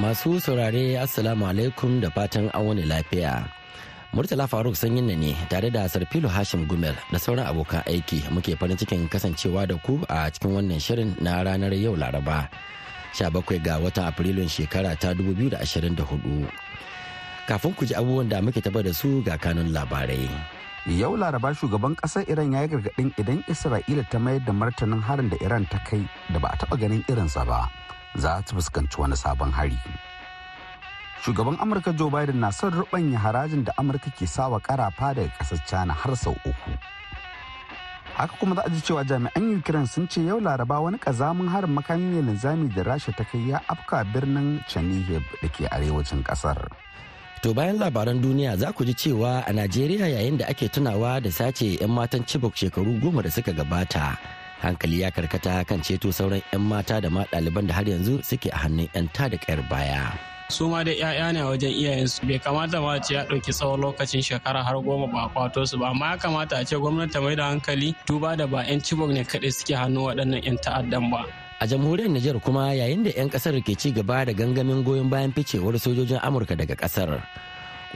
Masu saurare Assalamu alaikum da fatan an wani lafiya. Murtala Faruk sanyin na ne tare da Sarfilo Hashim Gumel da sauran abokan aiki muke farin cikin kasancewa da ku a cikin wannan shirin na ranar yau Laraba. 17 ga watan Afrilun shekara ta 2024. Kafin ku ji abubuwan da muke taba da su ga kanun labarai. Yau Laraba shugaban ƙasar Iran ya yi gargaɗin idan Isra'ila ta mayar da martanin harin da Iran ta kai da ba a taɓa ganin irinsa ba. za ta fuskanci wani sabon hari shugaban amurka joe biden na son rubanya harajin da amurka ke sawa karafa daga kasar china har sau uku haka kuma za a ji cewa jami'an ukraine sun ce yau laraba wani kazamin harin makamin mai linzami da rasha ta kai ya afka birnin chernihiv da ke arewacin kasar to bayan labaran duniya za ku ji cewa a najeriya yayin da ake tunawa da sace 'yan matan chibok shekaru goma da suka gabata hankali ya karkata kan ceto sauran 'yan mata da ma ɗaliban da har yanzu suke a hannun 'yan ta da ƙyar baya su ma da 'ya'ya ne a wajen iyayensu bai kamata ba ce ya ɗauki tsawon lokacin shekara har goma ba kwato su ba amma ya kamata a ce gwamnati mai da hankali duba da ba 'yan cibok ne kaɗai suke hannu waɗannan 'yan ta'addan ba a jamhuriyar Nijar kuma yayin da 'yan ƙasar ke ci gaba da gangamin goyon bayan ficewar sojojin Amurka daga ƙasar,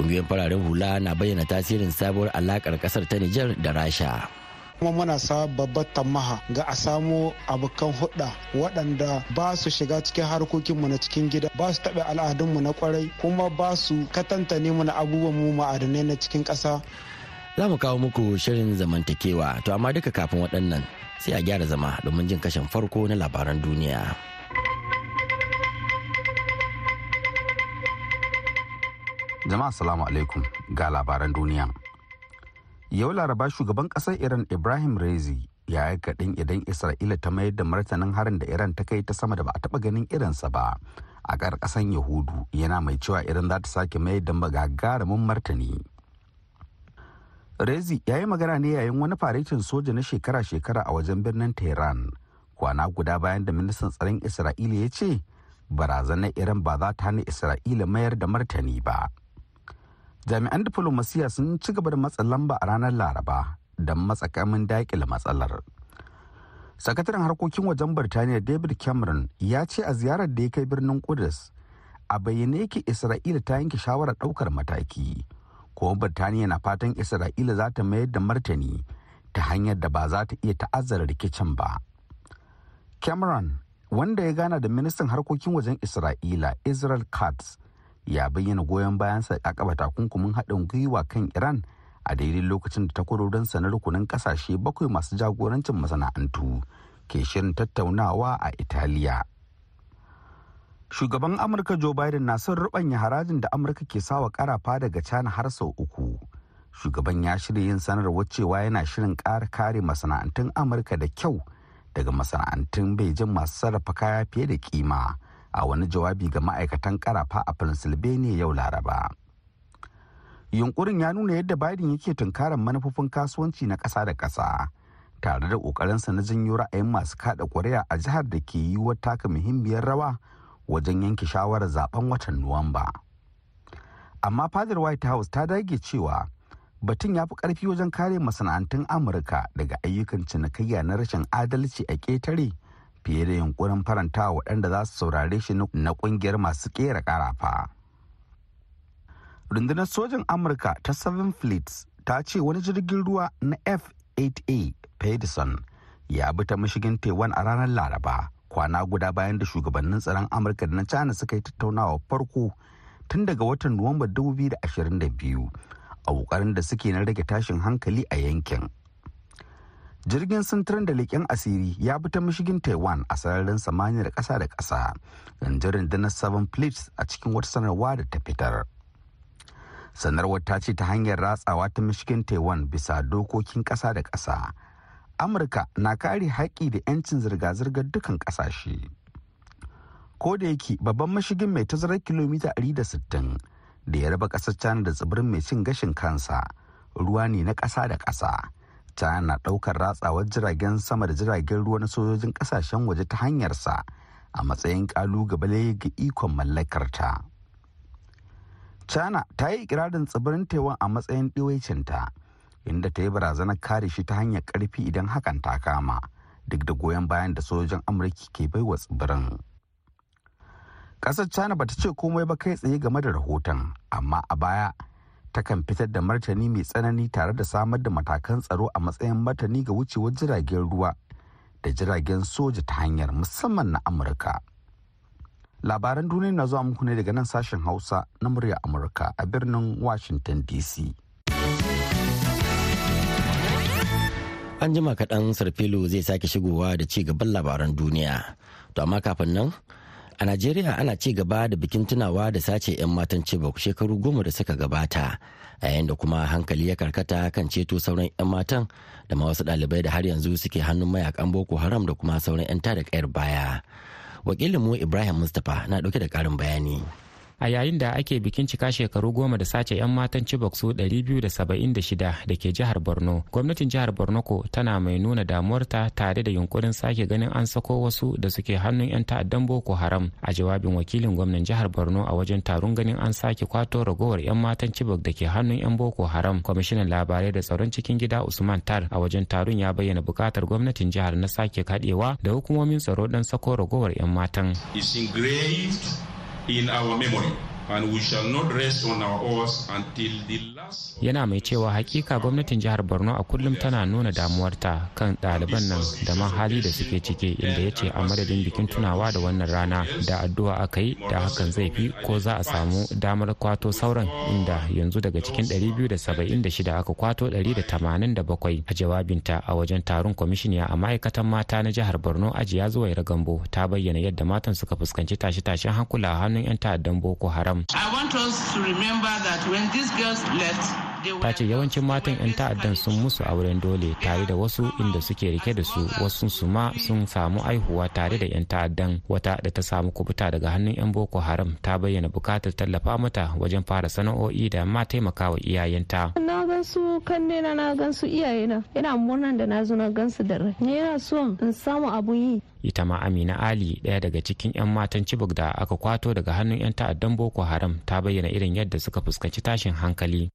ƙungiyoyin fararen hula na bayyana tasirin sabuwar alaƙar ƙasar ta Nijar da Rasha. kuma muna sa babbar tamaha ga a samo abokan hudda waɗanda ba su shiga cikin harkokinmu na cikin gida ba su taɓa al'adunmu na kwarai kuma ba su katantane mu na abubuwan mu ma'adanai na cikin ƙasa za mu kawo muku shirin zamantakewa to amma duka kafin waɗannan sai a gyara zama domin jin kashin farko na labaran duniya jama'a salamu alaikum ga labaran duniya yau laraba shugaban kasar iran ibrahim rezi ya yi kaɗin idan isra'ila ta mayar da martanin harin da iran ta kai ta sama da ba a taɓa ganin irinsa ba a ƙarƙasan yahudu yana mai cewa iran za ta sake mayar da magagarumin martani rezi ya yi magana ne yayin wani faretin soja na shekara-shekara a wajen birnin tehran kwana guda bayan da ministan tsaron isra'ila ya ce barazanar iran ba za ta hana isra'ila mayar da martani ba. jami'an diflomasiyya sun ci gaba da matsa lamba a ranar laraba don matsakamin daƙile matsalar sakataren harkokin wajen birtaniya david cameron ya ce a ziyarar da ya kai birnin kudus a bayyane yake isra'ila ta yanke shawarar ɗaukar mataki kuma birtaniya na fatan isra'ila za ta mayar da martani ta hanyar da ba za ta iya ta'azzara rikicin ba cameron wanda ya gana da ministan harkokin wajen isra'ila israel katz ya bayyana goyon bayansa a kaba takunkumin haɗin gwiwa kan iran a daidai lokacin da takwarorin na rukunin kasashe bakwai masu jagorancin masana'antu ke shirin tattaunawa a italiya shugaban amurka joe biden na son rubanya harajin da amurka ke sawa karafa daga cana har sau uku shugaban ya shirya yin sanarwar cewa yana shirin ƙara kare masana'antun amurka da kyau daga masana'antun beijing masu sarrafa kaya fiye da kima a wani jawabi ga ma'aikatan karafa a pennsylvania yau laraba yunkurin ya nuna yadda biden yake tunkarar manufofin kasuwanci na ƙasa da ƙasa tare da ƙoƙarinsa na janyo ra'ayin masu kada ƙuri'a a jihar da ke yi wata taka muhimmiyar rawa wajen yanke shawarar zaben watan nuwamba amma fadar white house ta dage cewa batun ya fi ƙarfi wajen kare masana'antun amurka daga ayyukan cinikayya na rashin adalci a ƙetare fiye da yunkurin faranta waɗanda za su saurare shi na ƙungiyar masu ƙera ƙarafa. rundunar sojin amurka ta seven fleets ta ce wani jirgin ruwa na f-8a pedersen ya bi ta mashigin taiwan a ranar laraba kwana guda bayan da shugabannin tsaron amurka da na china suka yi tattaunawa farko tun daga watan nuwamba 2022 a kokarin da suke na rage tashin hankali a yankin jirgin sintirin da leƙen asiri ya bi ta mashigin taiwan a sararin samaniyar ƙasa da ƙasa rundunar rundunar seven fleets a cikin wata sanarwa da ta fitar sanarwar ta ce ta hanyar ratsawa ta mashigin taiwan bisa dokokin ƙasa da ƙasa amurka na kare haƙƙi da 'yancin zirga-zirgar dukkan ƙasashe ko da yake babban mashigin mai tazarar kilomita 160 da ya raba ƙasar china da tsibirin mai cin gashin kansa ruwa ne na ƙasa da ƙasa ta na ɗaukar ratsawar jiragen sama da jiragen ruwa na sojojin ƙasashen waje ta hanyarsa a matsayin ƙalugabale ga ikon mallakarta. china ta yi ikirarin tsibirin taiwan a matsayin ɗiwaicinta inda ta yi barazanar kare shi ta hanyar ƙarfi idan hakan ta kama duk da goyon bayan da sojojin amurki ke baiwa tsibirin ƙasar china bata ce komai ba kai tsaye game da rahoton amma a baya takan fitar da martani mai tsanani tare da samar da matakan tsaro a matsayin martani ga wucewar jiragen ruwa da jiragen soja ta hanyar musamman na amurka labaran duniya na zuwa muku ne daga nan sashen hausa na murya amurka a birnin washington dc an jima kaɗan sarfilo zai sake shigowa da ci gaban labaran duniya to amma kafin nan A Najeriya ana ci gaba da bikin tunawa da sace 'yan matan Chibok shekaru goma da suka gabata, a yayin kuma hankali ya karkata kan ceto sauran 'yan matan da ma wasu ɗalibai da har yanzu suke hannun mayakan Boko Haram da kuma sauran 'yan tada kayar baya. Wakilinmu Ibrahim Mustapha na ɗauke da ƙarin bayani. a yayin da ake bikin cika shekaru goma da sace 'yan matan Chibok su 276 da ke jihar Borno. Gwamnatin jihar Borno ko tana mai nuna damuwarta tare da yunkurin sake ganin an sako wasu da suke hannun 'yan ta'addan Boko Haram a jawabin wakilin gwamnan jihar Borno a wajen taron ganin an sake kwato ragowar 'yan matan Chibok da ke hannun 'yan Boko Haram. Kwamishinan labarai da tsaron cikin gida Usman Tar a wajen taron ya bayyana bukatar gwamnatin jihar na sake kadewa da hukumomin tsaro dan sako ragowar 'yan matan. It's in our memory, and we shall not rest on our oars until the yana mai cewa hakika gwamnatin jihar borno a kullum tana nuna damuwarta kan ɗaliban nan da mahali da suke cike, inda ya ce a madadin bikin tunawa da wannan rana da addu'a aka yi da hakan zai fi ko za a samu damar kwato sauran inda yanzu daga cikin 276 aka kwato 187 a jawabinta a wajen taron kwamishiniya a ma'aikatan mata na jihar borno ajiya zuwa gambo ta bayyana yadda matan suka fuskanci tashe-tashen hankula a hannun 'yan ta'addan boko haram. I want us ta ce yawancin matan 'yan ta'addan sun musu auren dole tare da wasu inda suke rike da su wasu su ma sun samu aihuwa tare da 'yan ta'addan wata da ta samu kubuta daga hannun 'yan boko haram ta bayyana bukatar tallafa mata wajen fara sana'o'i da ma taimakawa iyayenta gansu kanne na na gansu iyaye na ina murnan da na zo na gansu da rai ne yana so in samu abun yi ita ma amina ali ɗaya daga cikin 'yan matan cibok da aka kwato daga hannun 'yan ta'addan boko haram ta bayyana irin yadda suka fuskanci tashin hankali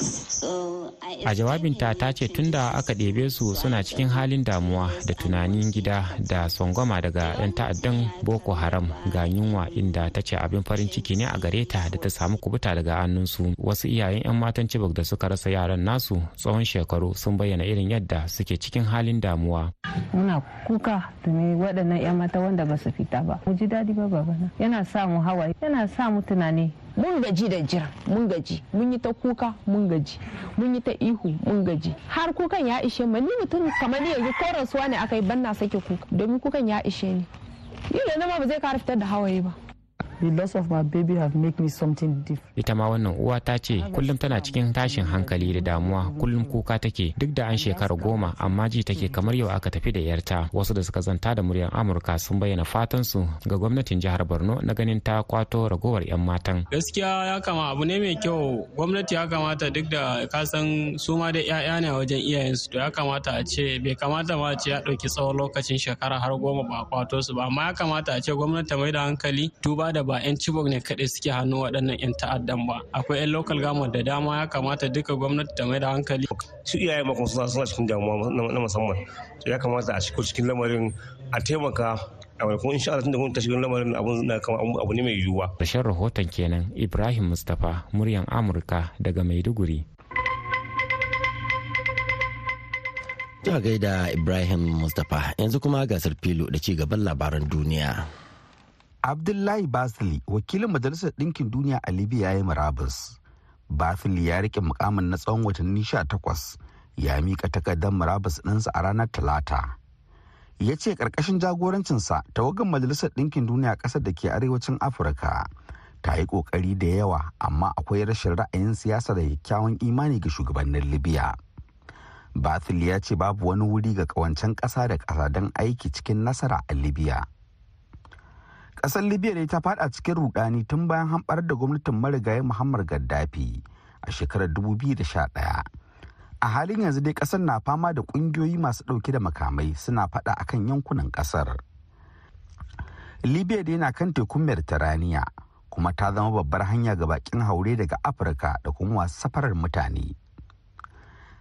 so a jawabinta ta ce tunda aka ɗebe su suna cikin halin damuwa da tunanin gida da songoma daga 'yan ta'addan boko haram ga yunwa inda ta ce abin farin ciki ne a gare ta da ta samu kubuta daga su wasu iyayen 'yan matan cibok da suka rasa yaran nasu tsawon shekaru sun bayyana irin yadda suke cikin halin damuwa muna kuka tuni waɗannan 'yan mata wanda ba su fita ba mu ji daɗi ba babana yana sa mu hawaye yana sa mu tunani mun gaji da jira mun gaji mun yi ta kuka mun gaji mun yi ta ihu mun gaji har kukan ya ishe mu ni mutum kamar yanzu ko rasuwa ne aka yi banna sake kuka domin kukan ya ishe ni yi da ma ba zai kara fitar da hawaye ba the loss of my baby have made me something different ita ma wannan uwa ta ce kullum tana cikin tashin hankali da damuwa kullum kuka take duk da an shekara goma amma ji take kamar yau aka tafi da yarta wasu da suka zanta da muryar amurka sun bayyana fatan su ga gwamnatin jihar borno na ganin ta kwato ragowar yan matan gaskiya ya kama abu ne mai kyau gwamnati ya kamata duk da ka san su ma da 'ya'ya ne a wajen iyayensu to ya kamata a ce bai kamata ma a ce ya ɗauki tsawon lokacin shekara har goma ba kwato su ba amma ya kamata a ce gwamnati ta mai da hankali tuba da ba 'yan Chibok ne kaɗai suke hannu waɗannan 'yan ta'addan ba. Akwai 'yan lokal government da dama ya kamata duka gwamnati ta mai da hankali. Su iyaye makon suna suna cikin damuwa na musamman. Ya kamata a shigo cikin lamarin a taimaka a maimakon insha Allah tunda ta shiga lamarin abun na kama abu ne mai yiwuwa. Tashar rahoton kenan Ibrahim Mustapha muryan Amurka daga Maiduguri. Ta gaida Ibrahim Mustapha yanzu kuma gasar filo da ci gaban labaran duniya. abdullahi basili wakilin majalisar ɗinkin duniya a libya ya yi murabus basili ya rike mukamin na tsawon watanni 18 ya mika takardar murabus ɗinsa a ranar talata ya ce ƙarƙashin jagorancinsa tawagan majalisar ɗinkin duniya ƙasar da ke arewacin afirka ta yi ƙoƙari da yawa amma akwai rashin ra'ayin siyasa da kyakkyawan imani ga shugabannin libya Basili ya ce babu wani wuri ga ƙawancen ƙasa da ƙasa don aiki cikin nasara a libya kasar Libya ne ta fada cikin rudani tun bayan hamɓar da gwamnatin marigayi Muhammad Gaddafi a shekarar 2011. A halin yanzu dai kasar na fama da kungiyoyi masu dauke da makamai suna fada akan yankunan kasar. Libya dai na kan tekun Mediterania kuma ta zama babbar hanya ga bakin haure daga Afirka da kuma wasu safarar mutane.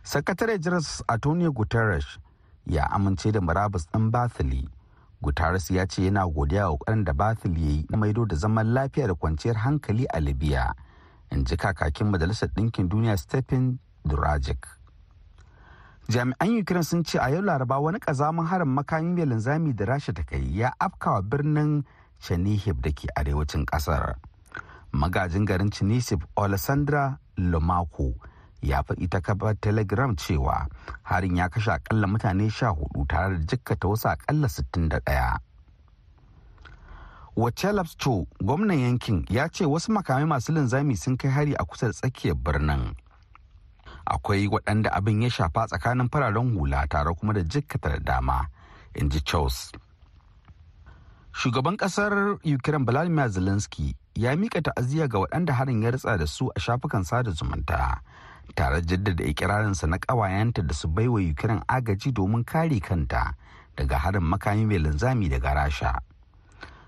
Sakatare Jiras Antonio Guterres ya amince da murabus ɗin Bathily Guterres ya ce yana godiya wa ƙoƙarin da Bathil ya yi na maido da zaman lafiya da kwanciyar hankali a Libya, in ji kakakin Majalisar Ɗinkin Duniya Stephen Durajic. Jami'an Ukraine sun ce a yau Laraba wani ƙazamin harin makamin mai linzami da Rasha ta kai ya afkawa birnin Chernihiv da ke arewacin ƙasar. Magajin garin Chenishiv Alessandra Lomako ya faɗi ta kafar telegram cewa harin ya kashe akalla mutane sha hudu tare da jikkata wasu akalla ɗaya. wacce lapsto gwamnan yankin ya ce wasu makamai masu linzami sun kai hari a kusa da tsakiyar birnin akwai waɗanda abin ya shafa tsakanin fararen hula tare kuma da jikkata da dama in ji charles shugaban ƙasar ukraine vladimir zelensky ya mika ta'aziyya ga waɗanda harin ya ritsa da su a shafukan sada zumunta tare jaddada ikirarinsa na ƙawayenta da su baiwa ukraine agaji domin kare kanta daga harin makami mai linzami daga rasha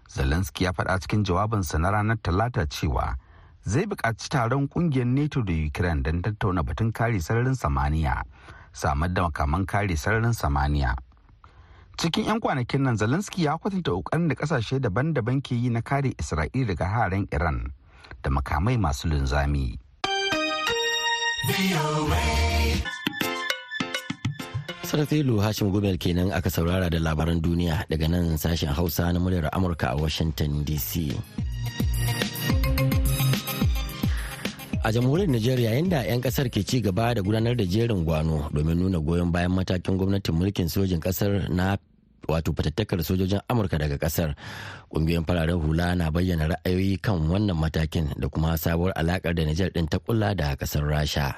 zelensky ya faɗa cikin jawabinsa na ranar talata cewa zai buƙaci taron ƙungiyar nato da ukraine don tattauna batun kare sararin samaniya samar da makaman kare sararin samaniya cikin 'yan kwanakin nan zelensky ya kwatanta ƙoƙarin da ƙasashe daban-daban ke yi na kare isra'ila daga haren iran da makamai masu linzami. Sarfilu Hashim Gumel kenan aka saurara da labaran duniya daga nan sashen Hausa na muryar Amurka a Washington DC. a jamhuriyar Najeriya, yadda 'yan kasar ke ci gaba da gudanar da jerin gwano domin nuna goyon bayan matakin gwamnatin mulkin sojin kasar na wato fatattakar sojojin amurka daga kasar ƙungiyoyin fararen hula na bayyana ra'ayoyi kan wannan matakin da kuma sabuwar alakar da nijar ɗin ta kulla da kasar rasha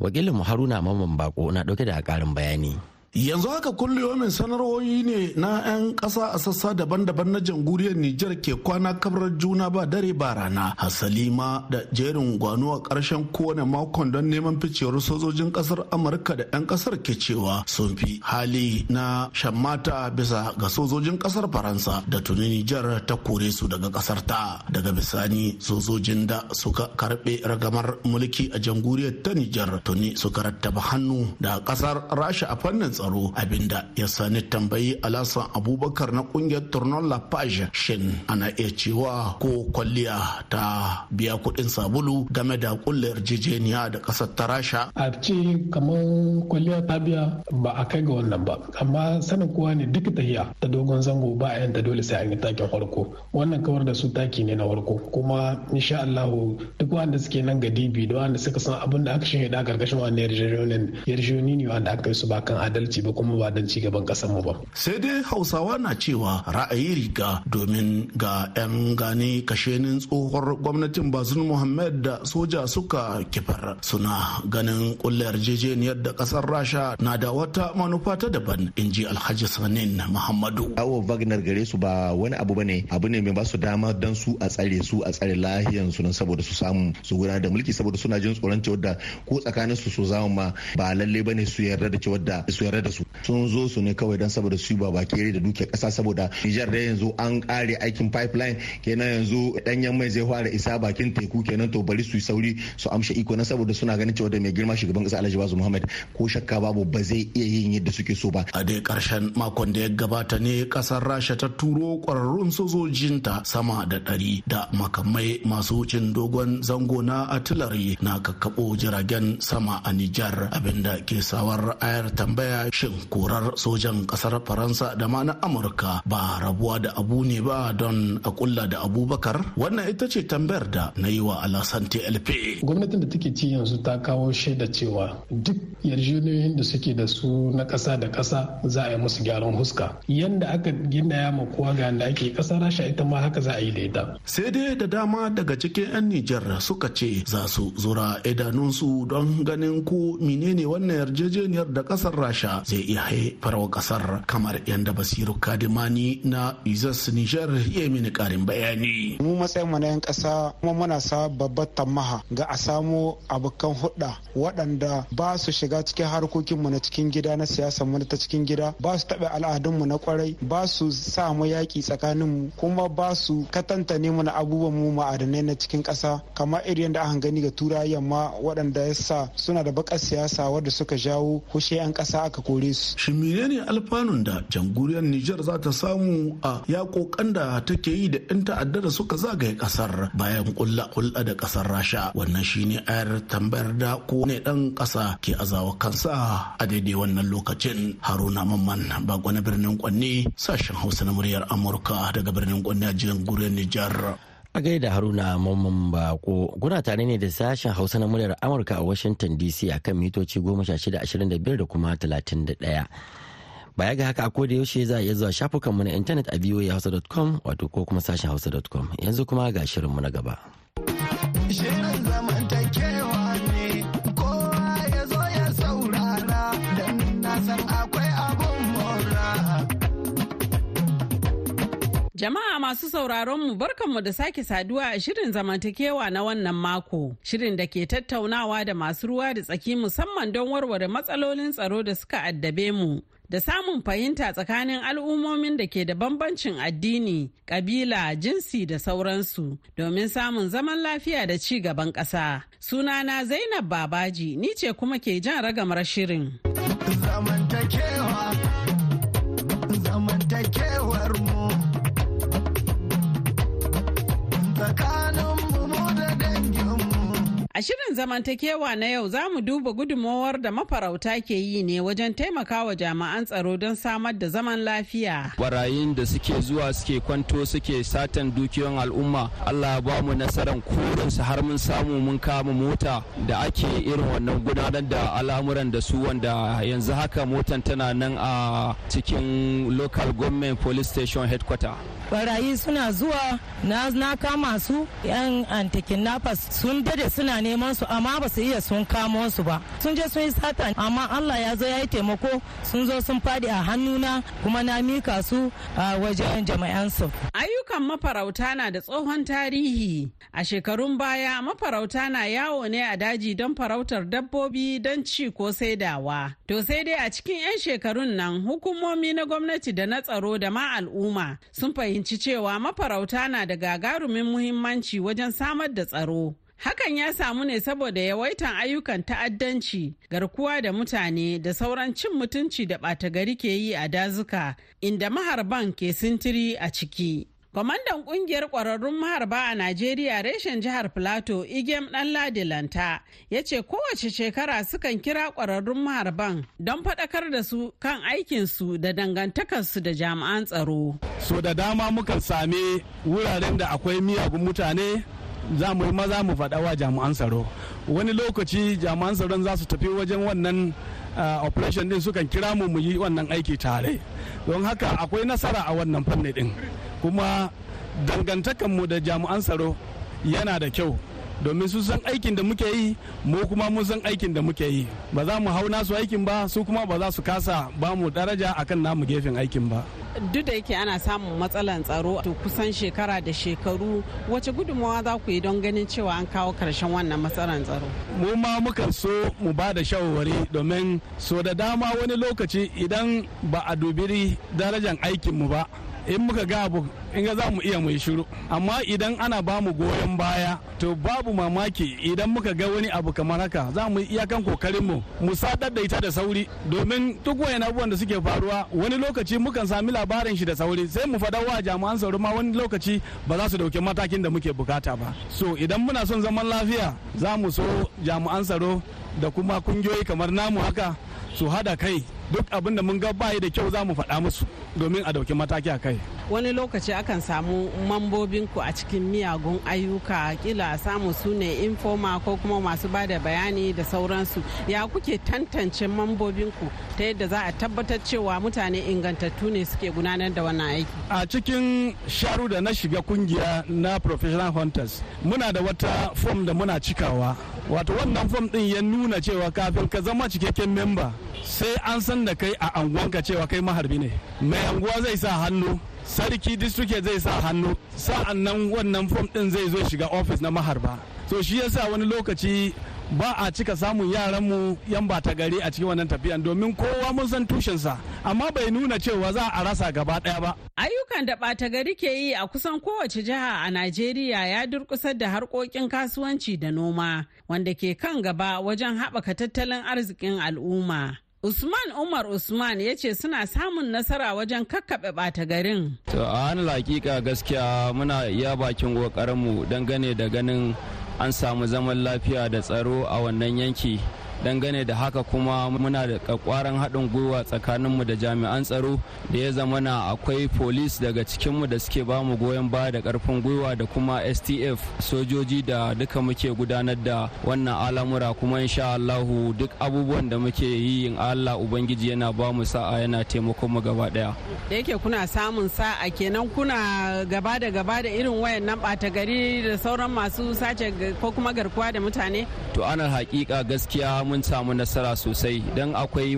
wakilin haruna mamman bako na ɗauke da ƙarin bayani yanzu haka kulliyomin sanarwoyi ne na 'yan ƙasa a sassa daban-daban na jamhuriyar nijar ke kwana kabrar juna ba dare ba rana hasalima da jerin gwano a ƙarshen kowane makon don neman ficewar sojojin ƙasar amurka da 'yan ƙasar ke cewa sun fi hali na shammata bisa ga sojojin ƙasar faransa da tuni nijar ta kore su daga ƙasar ta daga bisani sojojin da suka karɓe ragamar mulki a jamhuriyar ta nijar tuni suka rattaba hannu da ƙasar rasha a fannin tsaro abinda ya sani tambayi alasan abubakar na kungiyar tornon la page shin ana iya cewa ko kwalliya ta biya kudin sabulu game da kulle yarjejeniya da kasar ta rasha a ce kamar kwalliya ta biya ba a kai ga wannan ba amma sanin kowa ne duk tahiya ta dogon zango ba a yanta dole sai an yi takin farko wannan kawar da su taki ne na farko kuma insha allahu duk wanda suke nan ga dibi da wanda suka san abin da aka shirya da karkashin wannan yarjejeniyoyin ne wanda aka yi su ba kan adalci adalci ba kuma ba don ci gaban kasar mu ba sai dai hausawa na cewa ra'ayi riga domin ga 'yan gani kashenin tsohuwar gwamnatin bazin muhammad da soja suka kifar suna ganin ƙulla yarjejeniyar da kasar rasha na da wata manufa ta daban in ji alhaji sanin muhammadu awo wagner gare su ba wani abu bane abu ne mai ba su dama dan su a tsare su a tsare lahiyan su nan saboda su samu su gura da mulki saboda suna jin tsoron cewa da ko tsakanin su su zama ma ba lalle bane su yarda da cewa da su yarda tare da su sun zo su ne kawai don saboda su ba baki da duke kasa saboda Nijar da yanzu an kare aikin pipeline kenan yanzu danyen mai zai fara isa bakin teku kenan to bari su sauri su amsha iko na saboda suna ganin cewa da mai girma shugaban kasa Alhaji Bazoum Muhammad ko shakka babu ba zai iya yin yadda suke so ba a dai karshen makon da ya gabata ne kasar Rasha ta turo kwararrun sojojinta sama da ɗari da makamai masu cin dogon zango na atilari na kakkabo jiragen sama a Nijar abinda ke sawar ayar tambaya shin korar sojan kasar faransa da ma na amurka ba rabuwa da abu ne ba don a kulla da abubakar wannan ita ce tambayar da na yi wa alasan tlp gwamnatin da take ci yanzu ta kawo shaida cewa duk yarjejeniyoyin da suke da su na kasa da kasa za a yi musu gyaran huska yanda aka gina ma kowa ga da ake kasa rasha ita ma haka za a yi da ita sai dai da dama daga cikin 'yan nijar suka ce za su zura idanunsu don ganin ku menene wannan yarjejeniyar da kasar rasha zai iya haifarwa kasar kamar yadda basiru kadimani na izas nijar ya mini karin bayani mu matsayin mu na yan kasa kuma muna sa babbar tamaha ga a samo abokan hudda waɗanda ba su shiga cikin harkokin mu na cikin gida na siyasa mu ta cikin gida ba su taɓa al'adun mu na kwarai ba su sa mu yaƙi tsakanin mu kuma ba su katanta ne mu na abubuwan mu ma'adanai na cikin ƙasa kamar irin da aka gani ga turai yamma waɗanda ya sa suna da bakar siyasa wadda suka jawo hushe 'yan ƙasa aka kore su. Shi menene alfanun da jamhuriyar Nijar za ta samu a yakokan da take yi da 'yan ta'adda da suka zagaye kasar bayan kulla kulla da kasar Rasha wannan shine ayar tambayar da ko ne dan kasa ke azawa kansa a daidai wannan lokacin Haruna Mamman ba na birnin Kwanne sashen Hausa na muryar Amurka daga birnin Kwanne a jamhuriyar Nijar. A gaida Haruna Mamman Bako, guna tare ne da sashen Hausa na muryar Amurka a Washington DC a kan mitoci 1625 da kuma 31. Baya ga haka ko da yaushe za a iya zuwa shafukanmu na intanet a voahausa.com wato ko kuma sashen hausa.com yanzu kuma ga shirinmu na gaba. Jama'a masu sauraron mu barkanmu da sake saduwa a shirin zamantakewa na wannan mako. Shirin da ke tattaunawa da masu ruwa da tsaki musamman don warware matsalolin tsaro da suka addabe mu. Da samun fahimta tsakanin al'ummomin da ke da bambancin addini, ƙabila, jinsi da sauransu domin samun zaman lafiya da ci gaban ƙasa. Sunana Zainab Babaji, ni ce kuma ke jan ragamar shirin. Zamantakewa A shirin zamantakewa na yau za mu duba gudummawar da mafarauta ke yi ne wajen taimakawa jami'an tsaro don samar da zaman lafiya. Barayin da suke zuwa suke kwanto suke satan dukiyoyin al'umma Allah ba mu nasarar kurinsu har mun samu mun kama mota da ake irin wannan gudanar da al'amuran da su wanda yanzu haka motan tana nan a cikin local government police station headquarter. barayi suna zuwa na na kama su yan antikinafas sun dade suna neman su amma ba su iya sun kamo su ba sun je sun yi sata amma Allah ya zo ya yi taimako sun zo sun fadi a hannuna kuma na mika su a wajen jama'an su ayyukan mafarauta na da tsohon tarihi a shekarun baya mafarauta na yawo ne a daji don farautar dabbobi don ci ko saidawa to sai dai a cikin 'yan shekarun nan hukumomi na gwamnati da na tsaro da ma al'umma sun fahimci fahimci cewa mafarauta na da gagarumin muhimmanci wajen samar da tsaro. Hakan ya samu ne saboda yawaitan ayyukan ta'addanci, garkuwa da mutane da sauran cin mutunci da ɓata gari ke yi a dazuka, inda maharban ke sintiri a ciki. Kwamandan kungiyar kwararrun maharba a Najeriya reshen jihar Filato Igem Ɗanladi Lanta ya ce kowace shekara sukan kira kwararrun maharban don faɗakar da su kan aikinsu da dangantakarsu da jami'an tsaro. So da dama mukan sami wuraren da akwai miyagun mutane za mu yi maza mu faɗawa wa jami'an tsaro. Wani lokaci jami'an tsaron za su tafi wajen wannan Uh, operation din sukan kira mu mu yi wannan aiki tare don haka akwai nasara a wannan fanni din kuma dangantakanmu da jami'an tsaro yana da kyau domin su san aikin da muke yi mu kuma mun san aikin da muke yi ba za mu hau nasu aikin ba su kuma ba za su kasa ba mu daraja akan namu gefen aikin ba duk da yake ana samun matsalan tsaro to kusan shekara da shekaru wace gudunmawa za ku yi don ganin cewa an kawo karshen wannan matsalan tsaro mu ma muka so mu ba da shawarwari domin so da dama wani lokaci idan ba a dubiri darajan aikin mu ba in muka ga abu in ga za mu iya mai shiru amma idan ana ba mu goyon baya to babu mamaki idan muka ga wani abu kamar haka za mu iyakan kokarin mu mu sadar da ita da sauri domin duk wayan abubuwan da suke faruwa wani lokaci mukan sami labarin shi da sauri sai mu fada wa jami'an tsaro ma wani lokaci ba za su dauki matakin da muke bukata ba so idan muna son zaman lafiya za mu so jami'an tsaro da kuma kungiyoyi kamar namu haka su hada kai duk abin da mun ga bayi da kyau za mu faɗa musu domin a dauki mataki a kai wani lokaci akan samu mambobinku a cikin miyagun ayyuka kila samu su ne informa ko kuma masu ba da bayani da sauransu ya kuke tantance mambobinku ta yadda za a tabbatar cewa mutane ingantattu ne suke gudanar da wannan aiki a cikin sharu da na shiga kungiya na professional hunters muna da wata fom da muna cikawa wato wannan fom din ya nuna cewa kafin ka zama cikakken memba sai an san da kai a anguwanka cewa kai maharbi ne mai anguwa zai sa hannu sarki distrike zai sa hannu sa'an nan wannan fom din zai zo shiga ofis na maharba so shi yasa wani lokaci ba a cika samun yaranmu yan ta gari a cikin wannan tafiyan domin kowa mun san tushensa amma bai nuna cewa za a rasa gaba daya ba ayyukan da ɓata gari ke yi a kusan kowace jiha a najeriya ya durkusar da harkokin kasuwanci da noma wanda ke kan gaba wajen haɓaka tattalin arzikin al'umma Usman Umar Usman ya ce suna samun nasara wajen kakkaɓe ɓata garin. To a wani hakika gaskiya muna iya bakin ƙoƙarinmu dangane da ganin an samu zaman lafiya da tsaro a wannan yanki. dangane da haka kuma muna da kakwaran haɗin gwiwa tsakaninmu da jami'an tsaro da ya zama zamana akwai polis daga cikinmu da suke ba mu goyon baya da karfin gwiwa da kuma stf sojoji da duka muke gudanar da wannan al'amura kuma insha allahu duk abubuwan da muke yi in allah ubangiji yana ba mu sa'a yana taimakon mu gaba daya da yake kuna samun sa'a kenan kuna gaba da gaba da irin wayan wayannan ɓata gari da sauran masu sace ko kuma garkuwa da mutane to ana hakika gaskiya mun samu nasara sosai don akwai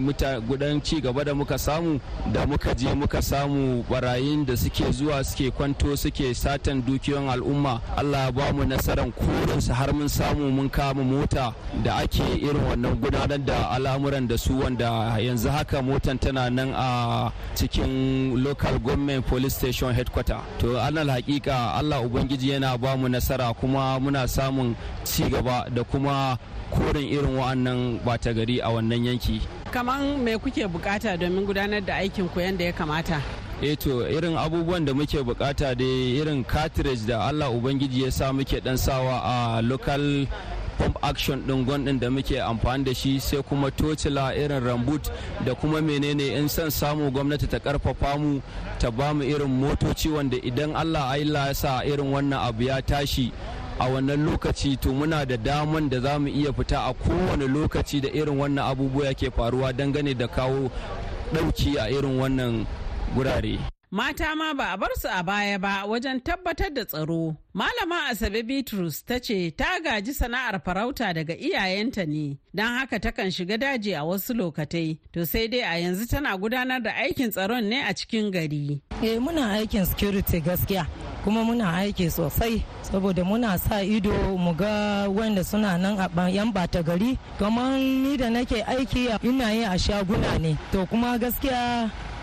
gudan ci gaba da muka samu da muka je muka samu barayin da suke zuwa suke kwanto suke satan dukiyoyin al'umma allah ba mu nasarar korinsu har mun samu mun kama mota da ake irin wannan gudanar da al'amuran da su wanda yanzu haka motan tana nan a cikin local government police station headquarter to alal hakika allah ubangiji yana ba mu nasara kuma muna samun ci gaba da kuma koren irin wa'annan bata gari a wannan yanki kaman me kuke bukata domin gudanar da aikin ku yadda ya kamata eto eh irin abubuwan da muke bukata da irin cartridge da allah ubangiji ya sa muke dan sawa a local pump action din gwandin da muke amfani da shi sai kuma tocila irin rambut da kuma menene in son samu gwamnati ta karfafa mu ta ba mu irin motoci wanda idan allah ya sa irin wannan abu ya tashi a wannan lokaci to muna da daman da za mu iya fita a kowane lokaci da irin wannan abubuwa ke faruwa dangane da kawo ɗauki a irin wannan gurare mata ma ba a bar su a baya ba wajen tabbatar da tsaro. Malama Asabe Bitrus ta ce ta gaji sana'ar farauta daga iyayenta ne, don haka takan shiga daji a wasu lokatai. To sai dai a yanzu tana gudanar da aikin tsaron ne a cikin gari. Eh muna aikin security gaskiya, kuma muna aiki sosai, saboda muna sa ido mu ga wanda suna nan a yan bata gari. Kamar ni da nake aiki ina yi a shaguna ne, to kuma gaskiya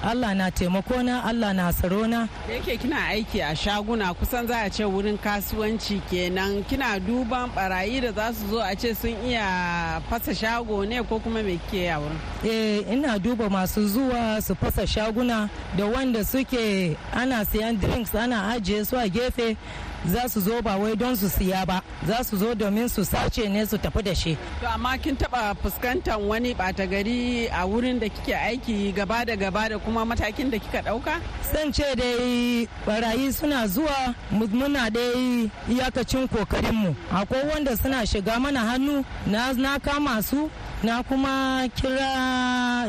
Allah na taimako na Allah na tsaro na da yake kina aiki a shaguna kusan za a ce wurin kasuwanci kenan kina duban barayi da za su zo a ce sun iya fasa shago ne ko kuma me kike a wurin eh ina duba masu zuwa su fasa shaguna da wanda suke ana siyan drinks ana ajiye su a gefe za su zo ba wai don su siya ba za su zo domin su sace ne su tafi da shi to amma kin taba fuskantar wani bata gari a wurin da kike aiki gaba da gaba da kuma matakin da kika dauka san ce dai barayi suna zuwa muna dai iyakacin kokarin mu akwai wanda suna shiga mana hannu na na kama su na kuma kira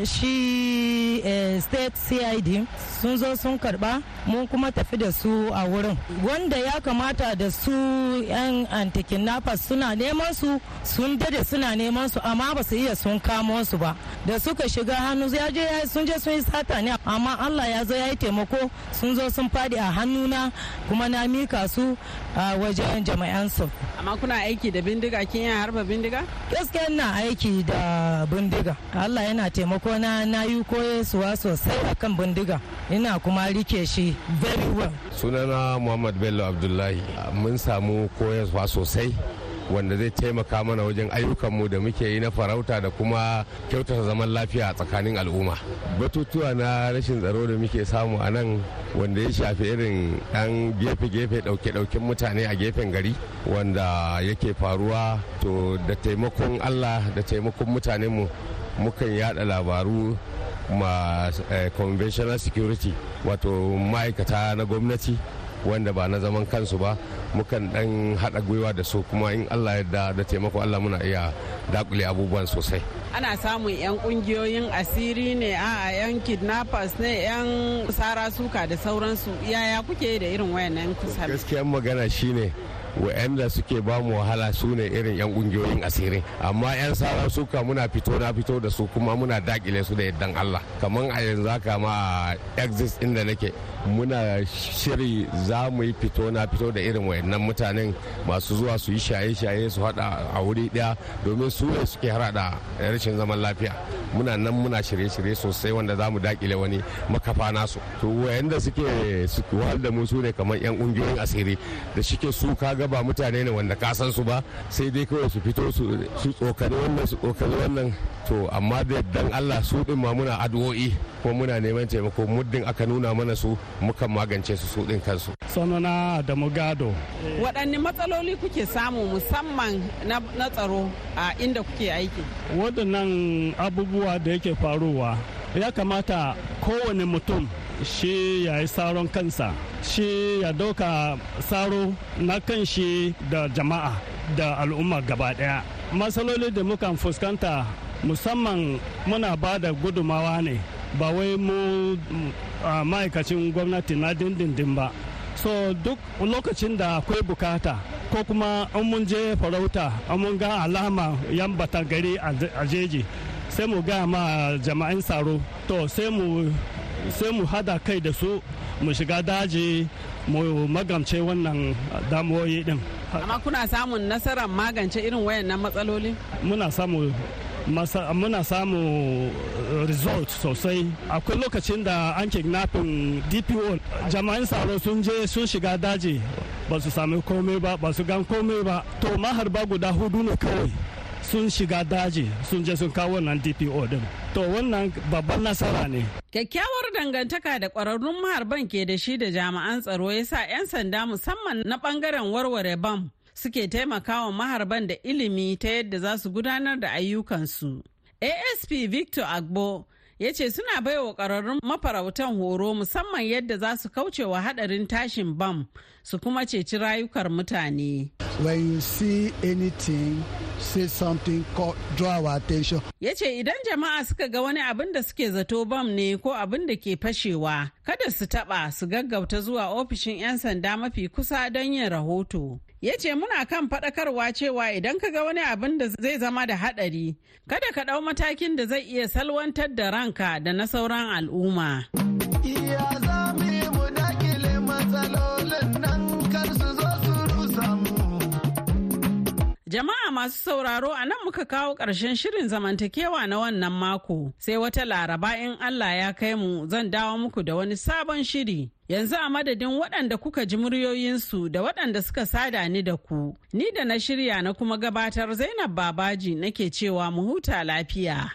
shi eh, state cid sun zo sun karba mun kuma tafi da su a wurin wanda ya kamata da su 'yan antikinafas suna neman su sun dade suna neman su amma ba su iya sun kamo su ba da suka shiga hannu ya je sun je sun yi sata ne amma allah ya zo ya yi taimako sun zo sun fadi a hannuna kuma na mika su a wajen su. amma kuna aiki da bindiga kin yi harba bindiga gaskiya na aiki da bindiga allah yana taimako na na yi koyesuwa sosai akan bindiga ina kuma rike shi very well sunana muhammad bello abdullahi mun samu koyarwa sosai wanda zai taimaka mana wajen ayyukanmu da muke yi na farauta da kuma kyautata zaman lafiya a tsakanin al'umma batutuwa na rashin tsaro da muke samu a nan wanda ya shafi irin ɗan gefe-gefe ɗauke-ɗauken mutane a gefen gari wanda yake faruwa to da taimakon allah da taimakon mutanenmu mukan yada labaru ma eh, conventional security wato ma'aikata na gwamnati wanda ba na zaman kansu ba mukan dan haɗa gwiwa da su kuma in allah yadda da taimako allah muna iya dakule abubuwan sosai ana samun 'yan ƙungiyoyin asiri ne a 'yan kidnappers ne 'yan sara suka da sauransu yaya kuke da irin wayannan kusa gaskiyar magana shine wa'anda suke ba mu wahala su ne irin 'yan ƙungiyoyin asiri amma 'yan sara suka muna fito na fito da su kuma muna dakile su da yaddan Allah kamar a yanzu haka ma exist inda nake muna shiri za mu yi fito na fito da irin wayannan mutanen masu zuwa su yi shaye-shaye su hada a wuri daya domin su ne suke harada rashin zaman lafiya muna nan muna shirye-shirye sosai wanda za mu dakile wani makafa nasu to wayanda suke wahal da mu su ne kamar 'yan ƙungiyoyin asiri da shike su kaga ga ba mutane ne wanda ka san su ba sai dai kawai su fito su tsokane wannan su tsokane wannan to amma da dan Allah su din ma muna addu'o'i kuma muna neman taimako muddin aka nuna mana su mukan magance su su din kansu sanana da mugado waɗanne matsaloli kuke samu musamman na tsaro a inda kuke aiki waɗannan abubuwa da yake faruwa ya kamata kowane mutum shi ya yi sauran kansa shi ya doka tsaro na kan shi da jama'a da al'umma gaba daya matsaloli da muka fuskanta musamman muna ba da gudumawa ne ba wai mu ma'aikacin gwamnati na dindindin ba so duk lokacin da akwai bukata ko kuma an mun je farauta an mun ga alama yan bata gari a jeji sai mu ga ma jama'in tsaro to sai mu hada kai da su mu shiga daji mu magance wannan damuwoyi din amma kuna samun nasarar magance irin wayannan matsaloli muna samu muna samu eh, result sosai akwai lokacin da an kidnapping dpo jama'in tsaro sun je sun shiga daji ba su sami komai ba ba su gan komai ba to maharba guda hudu ne kawai sun shiga daji sun je sun kawo wannan dpo din to wannan babban nasara ne kyakkyawar dangantaka da kwararrun maharban ke da shi da jami'an tsaro ya sa 'yan sanda musamman na bangaren warware bam suke taimakawa maharban da ilimi ta yadda za su gudanar da ayyukansu asp victor agbo ya ce suna baiwa ƙwararrun mafarautan horo musamman yadda za su kauce wa haɗarin tashin bam su kuma ceci rayukar mutane. When you see anything, say something draw our attention. Ya ce idan jama'a suka ga wani abin da suke zato bam ne ko abin da ke fashewa, kada su taɓa su gaggauta zuwa ofishin 'yan sanda mafi kusa don yin rahoto. ya ce muna kan faɗakarwa cewa idan ka ga wani abin da zai zama da haɗari kada ka ɗau matakin da zai iya salwantar da ranka da na sauran al'umma. Jama'a masu sauraro a nan muka kawo ƙarshen shirin zamantakewa na wannan mako. Sai wata laraba in Allah ya kai mu zan dawo muku da wani sabon shiri. Yanzu a madadin waɗanda kuka ji muryoyinsu da waɗanda suka sada ni da ku. Ni da na shirya na kuma gabatar Zainab Babaji nake cewa mu huta lafiya.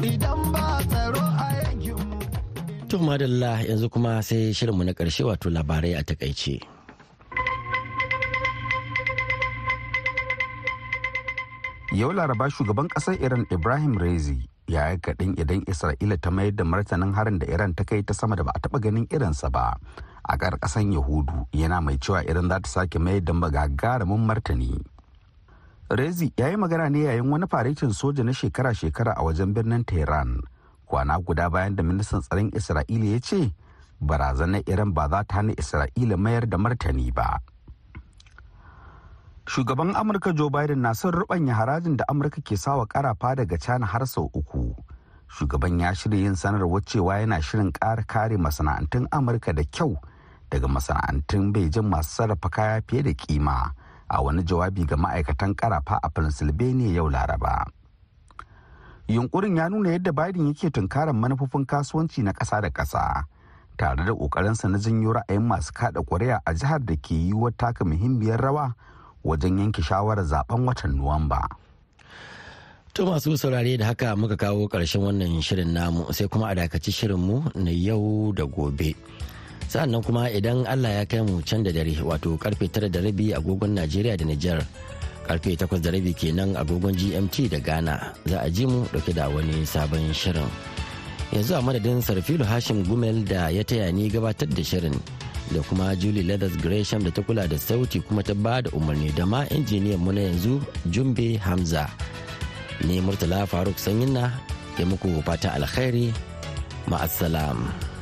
Idan To madalla yanzu kuma sai shirinmu na ƙarshe wato labarai a takaice. yau laraba shugaban kasar iran ibrahim rezi ya yi kaɗin idan isra'ila ta mayar da martanin harin da iran ta kai ta sama da ba a taɓa ganin irinsa ba a ƙarƙasan yahudu yana mai cewa iran za ta sake mayar da magagarumin martani rezi ya yi magana ne yayin wani faretin soja na shekara-shekara a wajen birnin tehran kwana guda bayan da ministan tsaron isra'ila ya ce barazanar iran ba za ta hana isra'ila mayar da martani ba. shugaban amurka joe biden na son rubanya harajin da amurka ke sawa karafa daga china har sau uku shugaban ya shirya yin sanarwar cewa yana shirin ƙara kare masana'antun amurka da kyau daga masana'antun beijing masu sarrafa kaya fiye da kima a wani jawabi ga ma'aikatan karafa a pennsylvania yau laraba yunkurin ya nuna yadda biden yake tunkarar manufofin kasuwanci na ƙasa da ƙasa tare da ƙoƙarinsa na janyo ra'ayin masu kada ƙuri'a a jihar da ke yi taka muhimmiyar rawa wajen yanke shawarar zaben watan nuwamba To masu saurare da haka muka kawo ƙarshen wannan shirin namu sai kuma a dakaci shirinmu na yau da gobe. sa'annan kuma idan Allah ya kai mu can da dare wato karfe tara da rabi agogon Najeriya da Nijar karfe takwas da rabi kenan agogon GMT da Ghana za a ji mu dauke da wani sabon shirin. Yanzu a madadin Sarfilu Hashim Gumel da ya taya ni gabatar da shirin. da kuma Julie Leathers Gresham da ta kula da sauti kuma ta ba da umarni da ma injiniyan mu na yanzu Jumbe Hamza. ne Murtala Faruk sanyin na ke muku fata alkhairi ma'assalam.